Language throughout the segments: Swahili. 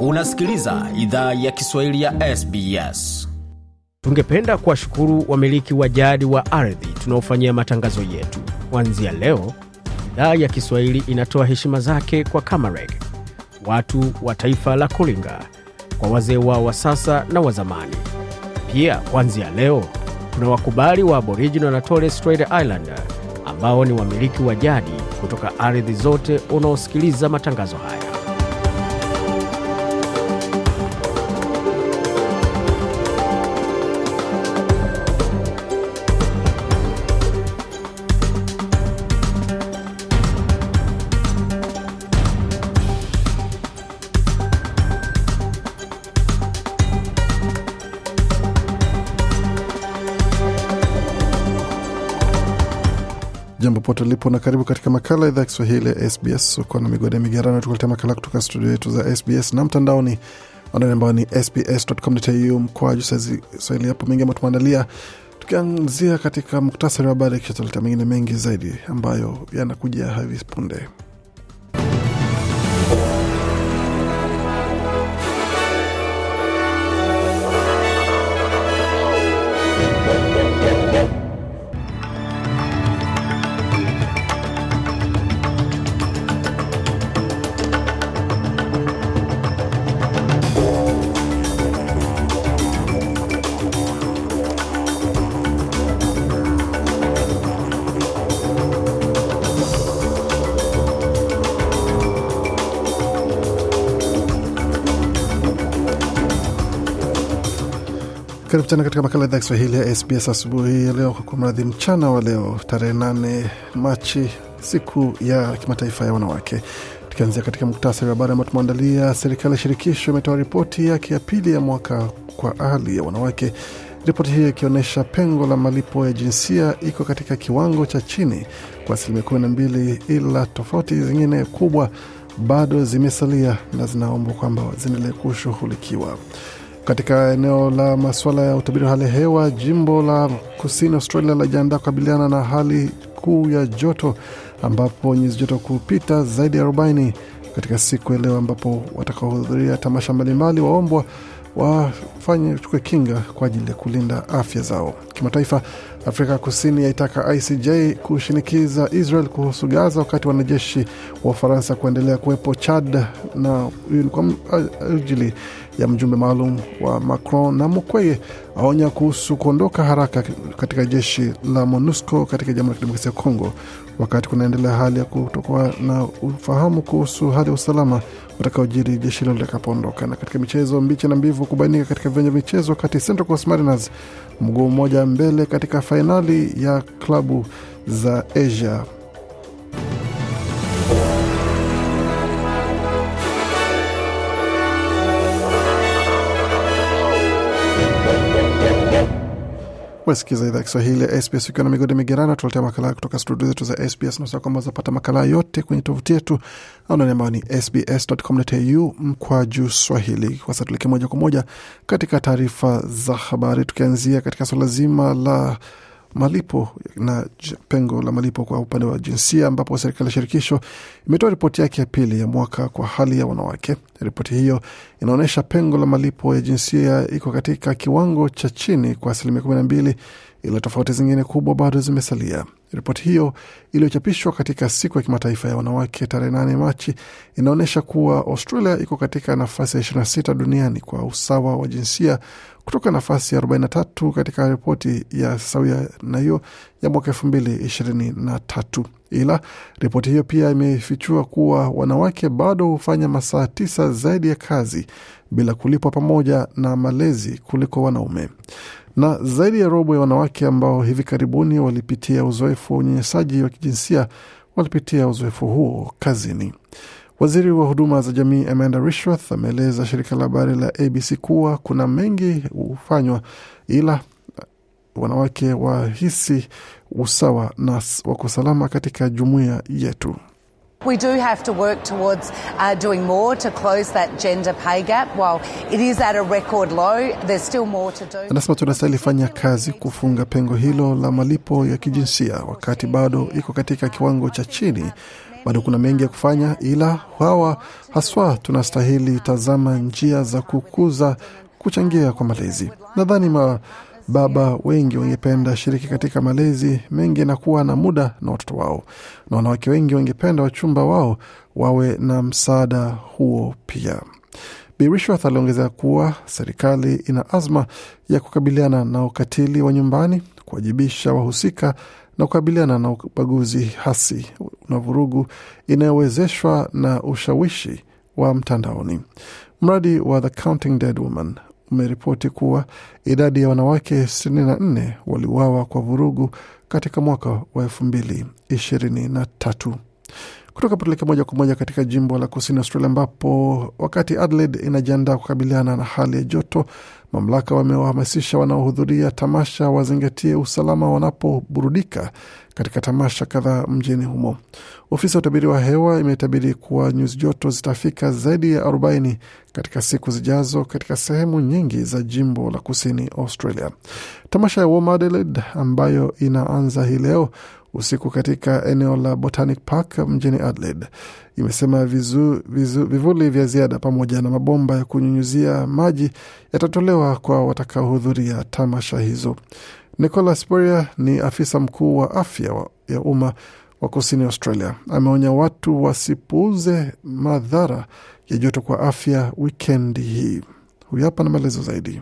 Unasikiliza idhaa ya Kiswahili ya SBS. Tungependa kuwashukuru wamiliki wa jadi wa ardhi tunaofanyia matangazo yetu. Kuanzia leo, idhaa ya Kiswahili inatoa heshima zake kwa Kamareg, watu wa taifa la Kulinga, kwa wazee wao wa sasa na wa zamani. Pia kuanzia leo kuna wakubali wa Aboriginal na tore Strait island ambao ni wamiliki wa jadi kutoka ardhi zote unaosikiliza matangazo haya. popote ulipo na karibu katika makala idhaa ya Kiswahili ya SBS. Uko na migode migerano, tukuletea makala kutoka studio yetu za SBS na mtandaoni anani ambayo ni sbs.com.au mkwaju swahili. Yapo mengi ambayo tumeandalia, tukianzia katika muktasari wa habari, kisha mengine mengi zaidi ambayo yanakuja hivi punde. Karibu tena katika makala idhaa Kiswahili ya SBS asubuhi ya leo, kwa mradhi mchana wa leo tarehe 8 Machi, siku ya kimataifa ya wanawake. Tukianzia katika muktasari wa habari ambayo tumeandalia, serikali ya shirikisho imetoa ripoti yake ya pili ya mwaka kwa hali ya wanawake, ripoti hiyo ikionyesha pengo la malipo ya jinsia iko katika kiwango cha chini kwa asilimia kumi na mbili ila tofauti zingine kubwa bado zimesalia na zinaombwa kwamba zinaendelee kushughulikiwa. Katika eneo la masuala ya utabiri wa hali ya hewa, jimbo la kusini Australia lajiandaa kukabiliana na hali kuu ya joto, ambapo nyuzi joto kupita zaidi ya 40 katika siku ya leo, ambapo watakaohudhuria tamasha mbalimbali waombwa wafanye chukue kinga kwa ajili ya kulinda afya zao. Kimataifa, Afrika Kusini yaitaka ICJ kushinikiza Israel kuhusu Gaza, wakati wanajeshi wa Ufaransa kuendelea kuwepo Chad, na kwa ajili ya mjumbe maalum wa Macron na Mukwege aonya kuhusu kuondoka haraka katika jeshi la MONUSCO katika Jamhuri ya Kidemokrasia ya Kongo, wakati kunaendelea hali ya kutokuwa na ufahamu kuhusu hali ya usalama utakaojiri jeshi hilo litakapoondoka. Na katika michezo, mbichi na mbivu kubainika katika viwanja vya michezo kati Central Coast Mariners mguu mmoja mbele katika fainali ya klabu za Asia Wasikiza idhaa Kiswahili ya SBS ukiwa na migodi migerano, tuletea makala kutoka studio zetu za SBS na kwamba zapata makala yote kwenye tovuti yetu anwani ambayo ni sbs.com.au mkwa juu swahili. Kwa sasa tuelekee moja kwa moja katika taarifa za habari, tukianzia katika swala zima la malipo na pengo la malipo kwa upande wa jinsia, ambapo serikali ya shirikisho imetoa ripoti yake ya pili ya mwaka kwa hali ya wanawake. Ripoti hiyo inaonyesha pengo la malipo ya jinsia iko katika kiwango cha chini kwa asilimia kumi na mbili, ila tofauti zingine kubwa bado zimesalia. Ripoti hiyo iliyochapishwa katika siku ya kimataifa ya wanawake tarehe nane Machi inaonyesha kuwa Australia iko katika nafasi ya 26 duniani kwa usawa wa jinsia kutoka nafasi ya 43 katika ripoti ya sawia na hiyo ya mwaka tatu. Ila ripoti hiyo pia imefichua kuwa wanawake bado hufanya masaa tisa zaidi ya kazi bila kulipwa pamoja na malezi kuliko wanaume na zaidi ya robo ya wanawake ambao hivi karibuni walipitia uzoefu wa unyenyesaji wa kijinsia walipitia uzoefu huo kazini. Waziri wa huduma za jamii Amanda Rishworth ameeleza shirika la habari la ABC kuwa kuna mengi hufanywa, ila wanawake wahisi usawa na wako salama katika jumuiya yetu. We do have to work towards uh, doing more to close that gender pay gap. While it is at a record low, there's still more to do. Anasema tunastahili fanya kazi kufunga pengo hilo la malipo ya kijinsia wakati bado iko katika kiwango cha chini. Bado kuna mengi ya kufanya, ila hawa haswa tunastahili tazama njia za kukuza kuchangia kwa malezi. Nadhani ma Baba wengi wangependa shiriki katika malezi mengi na kuwa na muda na watoto wao, na wanawake wengi wangependa wachumba wao wawe na msaada huo pia. Bi aliongezea kuwa serikali ina azma ya kukabiliana na ukatili wa nyumbani, kuwajibisha wahusika na kukabiliana na ubaguzi hasi na vurugu inayowezeshwa na ushawishi wa mtandaoni. Mradi wa The Counting Dead Woman umeripoti kuwa idadi ya wanawake 64 waliuawa kwa vurugu katika mwaka wa 2023 kutoka Patuleke moja kwa moja katika jimbo la kusini Australia, ambapo wakati Adelaide inajiandaa kukabiliana na hali ya joto, mamlaka wamewahamasisha wanaohudhuria tamasha wazingatie usalama wanapoburudika katika tamasha kadhaa mjini humo. Ofisi ya utabiri wa hewa imetabiri kuwa nyuzi joto zitafika zaidi ya 40 katika siku zijazo katika sehemu nyingi za jimbo la kusini Australia. Tamasha ya Warm Adelaide ambayo inaanza hii leo usiku katika eneo la Botanic Park mjini Adelaide. Imesema vizu, vizu, vivuli vya ziada pamoja na mabomba ya kunyunyuzia maji yatatolewa kwa watakaohudhuria tamasha hizo. nicolas Boria ni afisa mkuu wa afya ya umma wa kusini Australia ameonya watu wasipuuze madhara ya joto kwa afya wikendi hii. Huyu hapa na maelezo zaidi.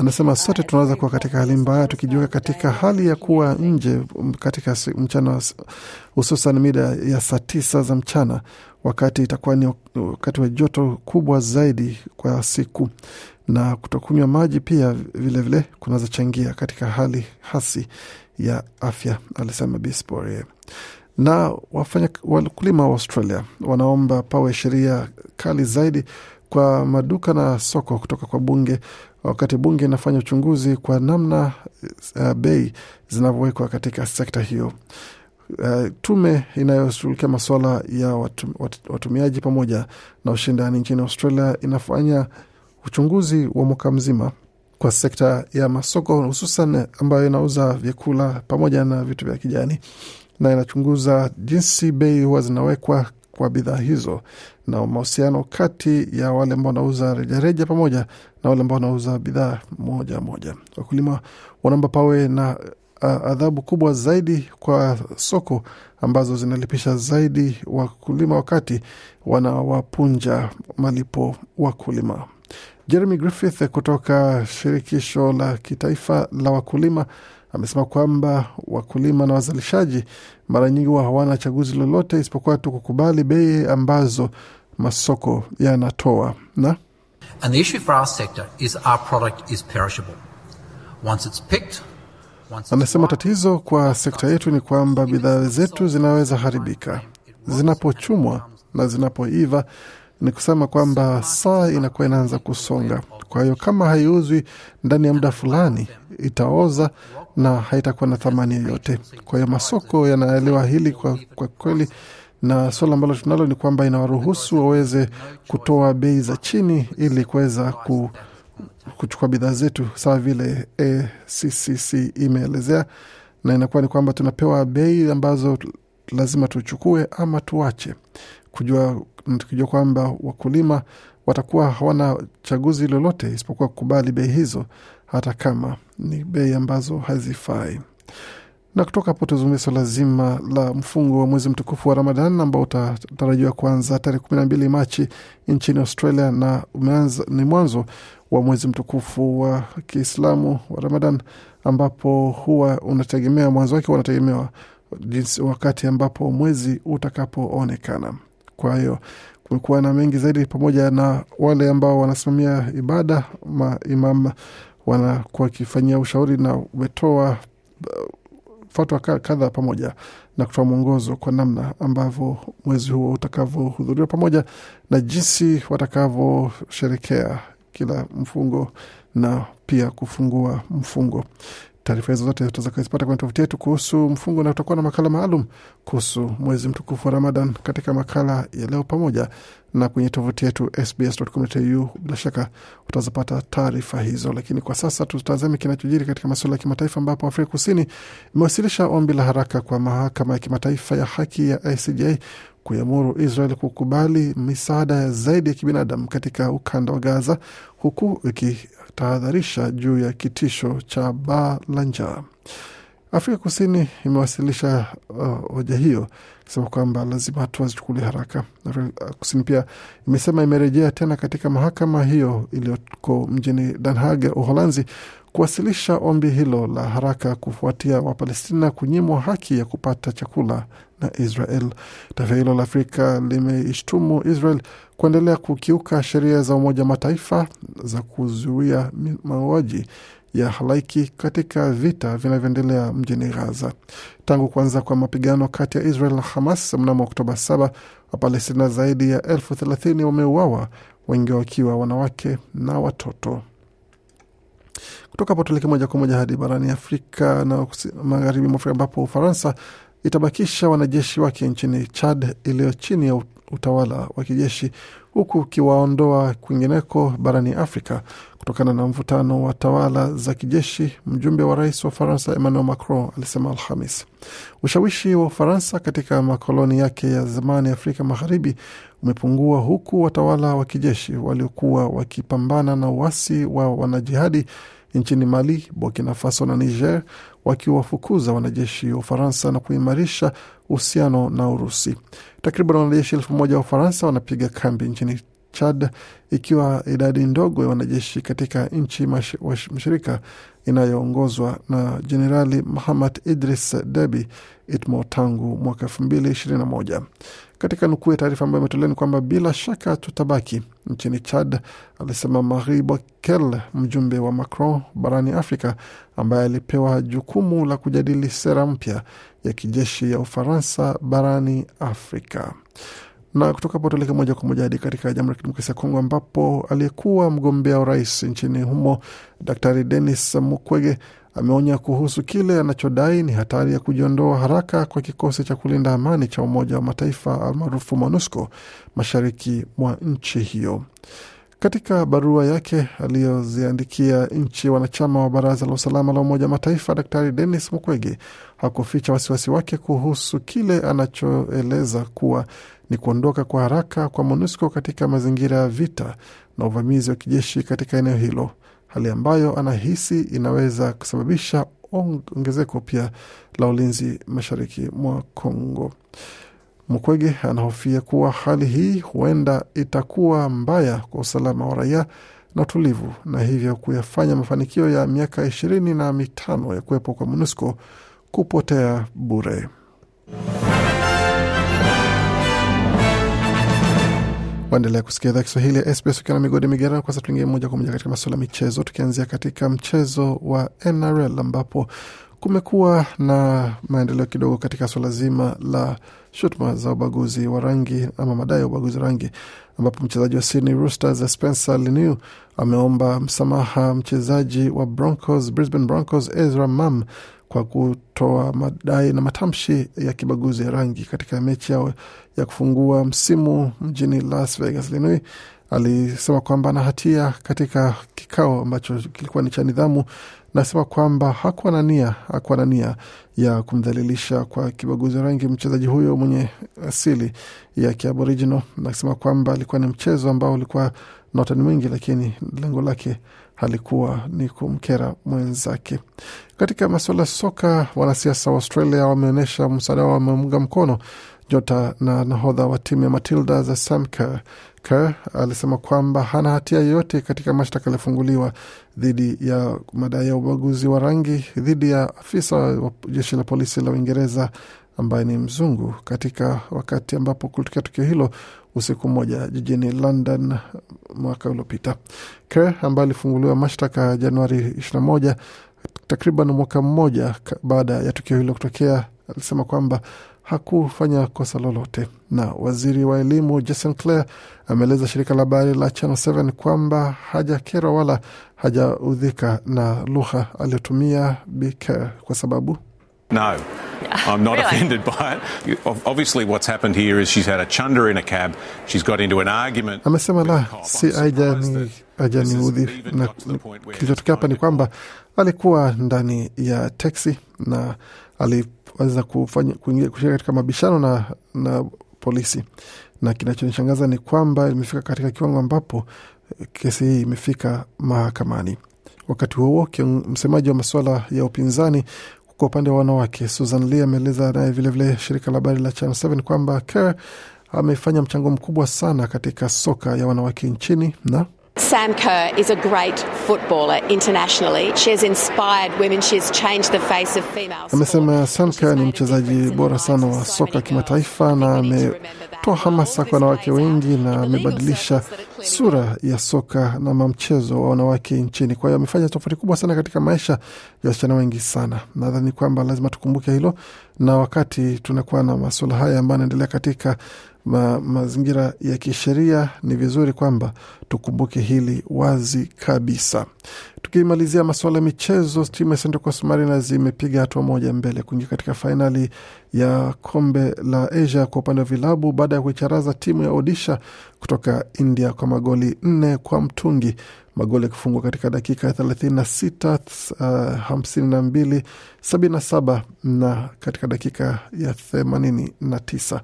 Anasema sote tunaweza kuwa katika hali mbaya tukijiweka katika hali ya kuwa nje katika mchana, hususan mida ya saa tisa za mchana, wakati itakuwa ni wakati wa joto kubwa zaidi kwa siku, na kutokunywa maji pia vilevile kunaweza changia katika hali hasi ya afya, alisema Bispore na wafanya wakulima wa Australia wanaomba pawe sheria kali zaidi kwa maduka na soko kutoka kwa bunge, wakati bunge inafanya uchunguzi kwa namna uh, bei zinavyowekwa katika sekta hiyo. Uh, tume inayoshughulikia masuala ya watu, wat, watumiaji pamoja na ushindani nchini Australia inafanya uchunguzi wa mwaka mzima kwa sekta ya masoko hususan ambayo inauza vyakula pamoja na vitu vya kijani na inachunguza jinsi bei huwa zinawekwa kwa bidhaa hizo na mahusiano kati ya wale ambao wanauza rejareja pamoja na wale ambao wanauza bidhaa moja moja. Wakulima wanaomba pawe na adhabu kubwa zaidi kwa soko ambazo zinalipisha zaidi wakulima wakati wanawapunja malipo wakulima. Jeremy Griffith kutoka shirikisho la kitaifa la wakulima amesema kwamba wakulima na wazalishaji mara nyingi huwa hawana chaguzi lolote isipokuwa tu kukubali bei ambazo masoko yanatoa na Anasema tatizo kwa sekta yetu ni kwamba bidhaa zetu zinaweza haribika zinapochumwa na zinapoiva. Ni kusema kwamba saa inakuwa inaanza kusonga. Kwa hiyo kama haiuzwi ndani ya muda fulani, itaoza na haitakuwa na thamani yoyote. Kwa hiyo masoko yanaelewa hili kwa, kwa kweli na suala ambalo tunalo ni kwamba inawaruhusu waweze kutoa bei za chini ili kuweza ku, kuchukua bidhaa zetu sawa vile ACCC imeelezea, na inakuwa ni kwamba tunapewa bei ambazo lazima tuchukue ama tuache, kujua tukijua kwamba wakulima watakuwa hawana chaguzi lolote isipokuwa kukubali bei hizo hata kama ni bei ambazo hazifai. Na kutoka hapo tuzungumzia swala zima la mfungo wa mwezi mtukufu wa Ramadan ambao utatarajiwa kuanza tarehe kumi na mbili Machi nchini Australia na umeanza, ni mwanzo wa mwezi mtukufu wa Kiislamu wa Ramadan ambapo huwa unategemea mwanzo wake unategemewa jinsi wakati ambapo mwezi utakapoonekana. Kwa hiyo kumekuwa na mengi zaidi, pamoja na wale ambao wanasimamia ibada maimam wanakuwa wakifanyia ushauri na umetoa fatwa kadha pamoja na kutoa mwongozo kwa namna ambavyo mwezi huo utakavyohudhuriwa pamoja na jinsi watakavyosherekea kila mfungo na pia kufungua mfungo. Taarifa hizo zote utakazozipata kwenye tovuti yetu kuhusu mfungo, na tutakuwa na makala maalum kuhusu mwezi mtukufu wa Ramadan katika makala ya leo, pamoja na kwenye tovuti yetu sbs.com.au. Bila shaka utazipata taarifa hizo, lakini kwa sasa tutazame kinachojiri katika masuala ya kimataifa, ambapo Afrika Kusini imewasilisha ombi la haraka kwa mahakama ya kimataifa ya haki ya ICJ kuiamuru Israel kukubali misaada zaidi ya kibinadamu katika ukanda wa Gaza, huku iki tahadharisha juu ya kitisho cha baa la njaa. Afrika Kusini imewasilisha uh, hoja uh, hiyo ikisema kwamba lazima hatua zichukuliwe haraka. Afrika Kusini pia imesema imerejea tena katika mahakama hiyo iliyoko mjini Den Haag, Uholanzi, kuwasilisha ombi hilo la haraka kufuatia Wapalestina kunyimwa haki ya kupata chakula na Israel. Taifa hilo la Afrika limeishtumu Israel kuendelea kukiuka sheria za Umoja wa Mataifa za kuzuia mauaji ya halaiki katika vita vinavyoendelea mjini Gaza. Tangu kuanza kwa mapigano kati ya Israel na Hamas mnamo Oktoba 7, Wapalestina zaidi ya elfu thelathini wameuawa, wengi wakiwa wanawake na watoto. Kutoka hapo tuelekee moja kwa moja hadi barani Afrika na magharibi mwa Afrika ambapo Ufaransa itabakisha wanajeshi wake nchini Chad iliyo chini ya utawala wa kijeshi huku ukiwaondoa kwingineko barani Afrika kutokana na mvutano wa tawala za kijeshi, mjumbe wa rais wa Faransa Emmanuel Macron alisema Alhamis. Ushawishi wa Ufaransa katika makoloni yake ya zamani Afrika Magharibi umepungua huku watawala wa kijeshi waliokuwa wakipambana na uasi wa wanajihadi nchini Mali, Burkina Faso na Niger wakiwafukuza wanajeshi wa Ufaransa na kuimarisha uhusiano na Urusi. Takriban wanajeshi elfu moja wa Ufaransa wanapiga kambi nchini Chad, ikiwa idadi ndogo ya wanajeshi katika nchi mshirika inayoongozwa na Jenerali Mahamad Idris Debi Itmo tangu mwaka moja. Katika nukuu ya taarifa ambayo imetolewa ni kwamba bila shaka tutabaki nchini Chad, alisema Marie Bokel, mjumbe wa Macron barani Afrika, ambaye alipewa jukumu la kujadili sera mpya ya kijeshi ya Ufaransa barani Afrika. Na kutoka hapo tuelekee moja kwa moja hadi katika Jamhuri ya Kidemokrasia ya Kongo ambapo aliyekuwa mgombea urais nchini humo Daktari Denis Mukwege ameonya kuhusu kile anachodai ni hatari ya kujiondoa haraka kwa kikosi cha kulinda amani cha Umoja wa Mataifa almaarufu MONUSCO mashariki mwa nchi hiyo. Katika barua yake aliyoziandikia nchi wanachama wa Baraza la Usalama la Umoja wa Mataifa, Daktari Denis Mukwege hakuficha wasiwasi wake kuhusu kile anachoeleza kuwa ni kuondoka kwa haraka kwa MONUSCO katika mazingira ya vita na uvamizi wa kijeshi katika eneo hilo, hali ambayo anahisi inaweza kusababisha ongezeko pia la ulinzi mashariki mwa Kongo. Mukwege anahofia kuwa hali hii huenda itakuwa mbaya kwa usalama wa raia na utulivu, na hivyo kuyafanya mafanikio ya miaka ishirini na mitano ya kuwepo kwa MONUSCO kupotea bure. Waendelea kusikia idhaa Kiswahili ya SBS ukiwa na migodi migerano. Kwanza tuingie moja kwa moja katika masuala ya michezo, tukianzia katika mchezo wa NRL ambapo kumekuwa na maendeleo kidogo katika swala zima la shutuma za ubaguzi wa rangi ama madai ya ubaguzi wa rangi, ambapo mchezaji wa Sydney Roosters Spencer Leniu ameomba msamaha mchezaji wa Broncos, Brisbane Broncos Ezra Mam kwa kutoa madai na matamshi ya kibaguzi ya rangi katika mechi yao ya kufungua msimu mjini Las Vegas, Linui Alisema kwamba ana hatia katika kikao ambacho kilikuwa ni cha nidhamu nasema kwamba hakuwa na nia hakuwa na nia ya kumdhalilisha kwa kibaguzi rangi mchezaji huyo mwenye asili ya kiaboriginal. Nasema kwamba alikuwa ni mchezo ambao ulikuwa na watani mwingi lakini lengo lake halikuwa ni kumkera mwenzake. Katika masuala ya soka, wanasiasa wa Australia wameonyesha msaada wa, wameunga mkono Nyota na nahodha wa timu ya Matilda za Sam Kerr. Kerr alisema kwamba hana hatia yoyote katika mashtaka yaliyofunguliwa dhidi ya madai ya ubaguzi wa rangi dhidi ya afisa wa jeshi la polisi la Uingereza ambaye ni mzungu katika wakati ambapo kulitokea tukio hilo usiku mmoja jijini London mwaka uliopita. Kerr ambaye alifunguliwa mashtaka Januari 21 takriban mwaka mmoja baada ya tukio hilo kutokea, alisema kwamba hakufanya kosa lolote. Na waziri wa elimu Jason Clare ameeleza shirika la habari la Channel 7 kwamba hajakerwa wala hajaudhika na lugha aliyotumia Bik kwa sababu No, I'm not really? offended by it. Obviously, what's happened here is she's had a chunder in a cab. She's got into an argument. Amesema la, si ajaniudhi. na kilichotokea hapa ni kwamba alikuwa ndani ya teksi na ali kuweza kufanya kuingia katika mabishano na, na polisi, na kinachonishangaza ni kwamba imefika katika kiwango ambapo eh, kesi hii imefika mahakamani. Wakati huo msemaji wa masuala ya upinzani kwa upande wa wanawake Susan Lee ameeleza naye vilevile shirika la habari la chan 7 kwamba Kerr amefanya mchango mkubwa sana katika soka ya wanawake nchini na Sam Kerr is a great footballer internationally. She has inspired women. She has changed the face of females. Amesema Sam Kerr ni mchezaji bora sana wa soka kimataifa na ametoa hamasa kwa wanawake wengi na amebadilisha sura ya soka na mchezo wa wanawake nchini. Kwa hiyo amefanya tofauti kubwa sana katika maisha ya wasichana wengi sana. Nadhani kwamba lazima tukumbuke hilo, na wakati tunakuwa na masuala haya ambayo yanaendelea katika ma, mazingira ya kisheria, ni vizuri kwamba tukumbuke hili wazi kabisa. Tukimalizia masuala ya michezo, timu ya Central Coast Mariners imepiga hatua moja mbele kuingia katika fainali ya kombe la Asia kwa upande wa vilabu baada ya kuicharaza timu ya Odisha kutoka India kwa magoli nne kwa mtungi magoli yakifungwa katika dakika ya na sita uh, hamsini na katika dakika ya themanini na tisa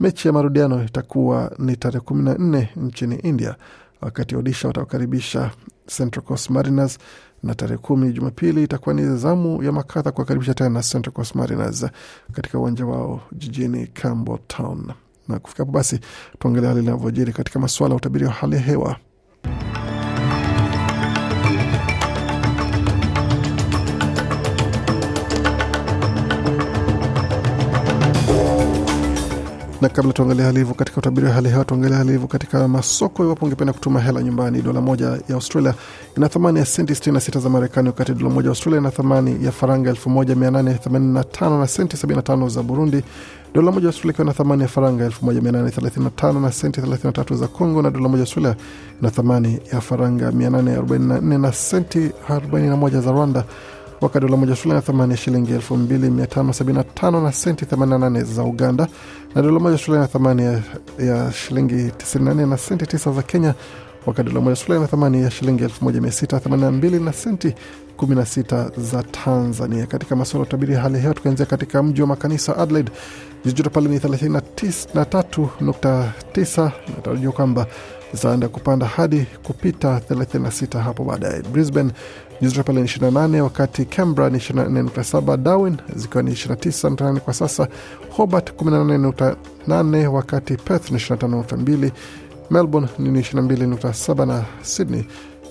Mechi ya marudiano itakuwa ni tarehe kumi na nne nchini India, wakati Odisha watawakaribisha Central Coast Mariners, na tarehe kumi Jumapili itakuwa ni zamu ya Makadha kuwakaribisha tena Central Coast Mariners katika uwanja wao jijini Campbelltown. Na kufika hapo basi, tuangalia hali inavyojiri katika masuala ya utabiri wa hali ya hewa. Na kabla tuangalia hali hivyo katika utabiri wa hali hewa, tuangalia hali hivyo katika masoko. Iwapo ungependa kutuma hela nyumbani, dola moja ya Australia ina thamani ya senti 66 za Marekani, wakati dola moja ya Australia ina thamani ya faranga 1885 na senti 75 za Burundi, dola moja ya Australia ikiwa na thamani ya faranga 1835 na senti 33 za Congo, na dola moja Australia ina thamani ya faranga 844 na senti 41 za Rwanda wakati dola moja shuleni ya thamani ya shilingi 2575 na senti 88 za Uganda na dola moja shuleni ya thamani ya, ya shilingi 94 na senti 9 za Kenya wakati dola moja Australia ya thamani ya shilingi 1682 na senti 16 za Tanzania. Katika masuala ya utabiri hali ya hewa, tukianzia katika mji wa makanisa Adelaide, jiji joto pale ni 33.9, natarajiwa kwamba zitaenda kupanda hadi kupita 36 hapo baadaye. Brisbane nyuzi joto pale ni 28, wakati cambra ni 24.7, Darwin zikiwa ni 29.8 kwa sasa, Hobart 18.8, wakati Perth ni 25.2, Melbourne ni 22.7 na Sydney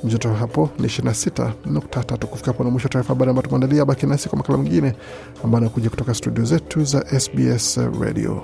joto hapo ni 26.3. Kufika hapo na mwisho taarifa habari ambayo tumeandalia. Baki nasi kwa makala mengine ambayo anakuja kutoka studio zetu za SBS Radio.